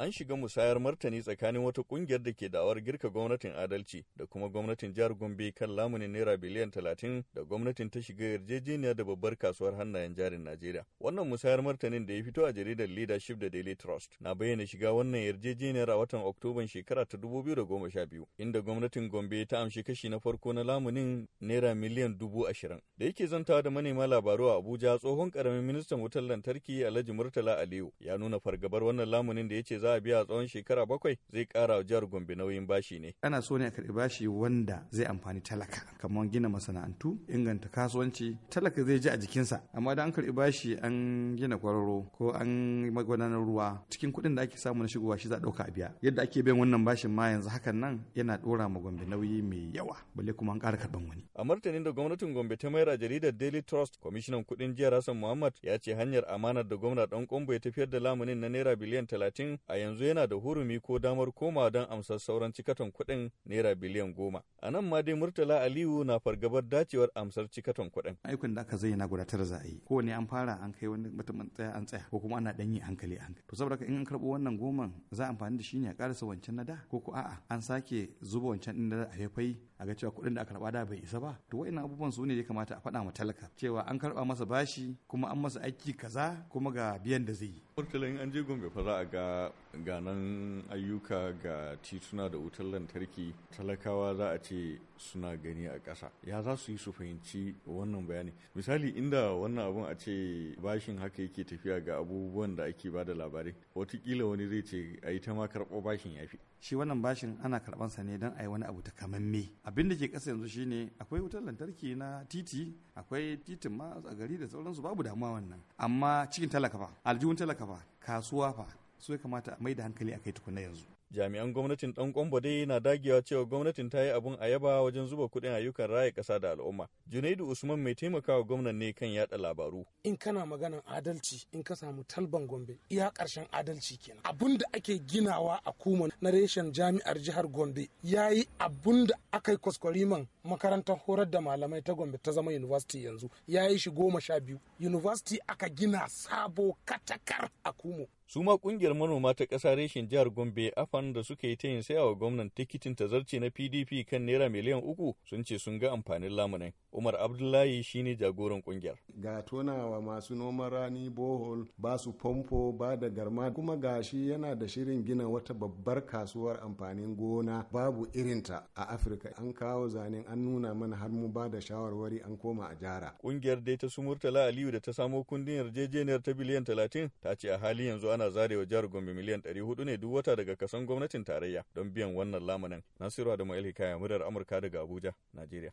an shiga musayar martani tsakanin wata kungiyar da ke da'awar girka gwamnatin adalci da kuma gwamnatin jihar Gombe kan lamunin naira biliyan talatin da gwamnatin ta shiga yarjejeniya da babbar kasuwar hannayen jarin Najeriya. Wannan musayar martanin da ya fito a jaridar Leadership da Daily Trust na bayyana shiga wannan yarjejeniyar a watan Oktoban shekara ta dubu biyu da goma sha biyu, inda gwamnatin Gombe ta amshi kashi na farko na lamunin naira miliyan dubu ashirin. Da yake zantawa da manema labaru a Abuja tsohon karamin ministan wutar lantarki Alhaji Murtala Aliyu ya nuna fargabar wannan lamunin da ya ce za a biya tsawon shekara bakwai zai kara wa jihar Gombe nauyin bashi ne. Ana so ne a karɓi bashi wanda zai amfani talaka kamar gina masana'antu, inganta kasuwanci, talaka zai ji a jikinsa. Amma da an karɓi bashi an gina kwararo ko an magudanar ruwa cikin kuɗin da ake samu na shigowa shi za a ɗauka a biya. Yadda ake bin wannan bashin ma yanzu hakan nan yana ɗora ma Gombe nauyi mai yawa balle kuma an ƙara karɓan wani. A martanin da gwamnatin Gombe ta maira jaridar Daily Trust kwamishinan kuɗin jiya Hassan Muhammad ya ce hanyar amanar da gwamna ɗan Kombo ya tafiyar da lamunin na naira biliyan talatin a yanzu yana da hurumi ko damar koma don amsar sauran cikatan kuɗin naira biliyan goma. A nan ma dai Murtala Aliyu na fargabar dacewar amsar cikaton kuɗin. aikin da aka zayyana guda tara za a yi. ne an fara an kai wani mutumin tsaya an tsaya ko kuma ana yi hankali hankali. To saboda in an karɓo wannan goman za a amfani da shi ne a ƙarasa wancan na da ko ko a'a an sake zuba wancan ɗin da a haifai a ga cewa kuɗin da aka karɓa da bai isa ba. To wa'annan abubuwan su ne ya kamata a faɗa ma talaka cewa an karɓa masa bashi kuma an masa aiki kaza kuma ga biyan da zai yi. Murtala in an je Gombe fa za a ga ganan ayyuka ga tituna da wutar lantarki talakawa za a ce suna gani a ƙasa ya za su yi su fahimci wannan bayani misali inda wannan abun a ce bashin haka yake tafiya ga abubuwan da ake bada labarai watakila wani zai ce a yi ta ma karɓo bashin ya fi. shi wannan bashin ana sa ne don a yi wani abu ta me abin da ke ƙasa yanzu shine akwai wutar lantarki na titi akwai titin ma a gari da sauransu babu damuwa wannan amma cikin talaka fa aljihun talaka fa kasuwa fa su ya kamata a mai da hankali a kai tukuna yanzu Jami'an gwamnatin ɗan kwambo dai na dagewa cewa gwamnatin ta yi abun a yaba wajen zuba kuɗin ayyukan raya kasa da al'umma. Junaidu Usman mai taimakawa gwamnan ne kan yada labaru. In kana maganan adalci in ka samu talban Gombe iya ƙarshen adalci kenan. Abun da ake ginawa a kuma na reshen jami'ar jihar Gombe ya yi abun da aka yi man makarantar horar da malamai ta Gombe ta zama university yanzu ya yi shi goma sha biyu. University aka gina sabo katakar a kumo su ma kungiyar manoma ta ƙasa reshen jihar gombe afan da suka yi ta yin sayawa gwamnan tikitin ta tazarce na pdp kan naira miliyan uku sun ce sun ga amfanin lamunan umar abdullahi shine jagoran kungiyar ga tonawa masu noman rani bohol ba su famfo ba da garma kuma gashi yana da shirin gina wata babbar kasuwar amfanin gona babu irinta a afirka an kawo zanen an nuna mana har mu ba da shawarwari an koma a jara kungiyar dai ta su murtala aliyu da ta samo kundin yarjejeniyar ta biliyan talatin ta ce a hali yanzu ana zarewa jihar Gombe miliyan 400 ne duk wata daga kasan gwamnatin tarayya don biyan wannan lamanin. Nasiru Adamu Elhikaya, murar Amurka daga Abuja, Najeriya.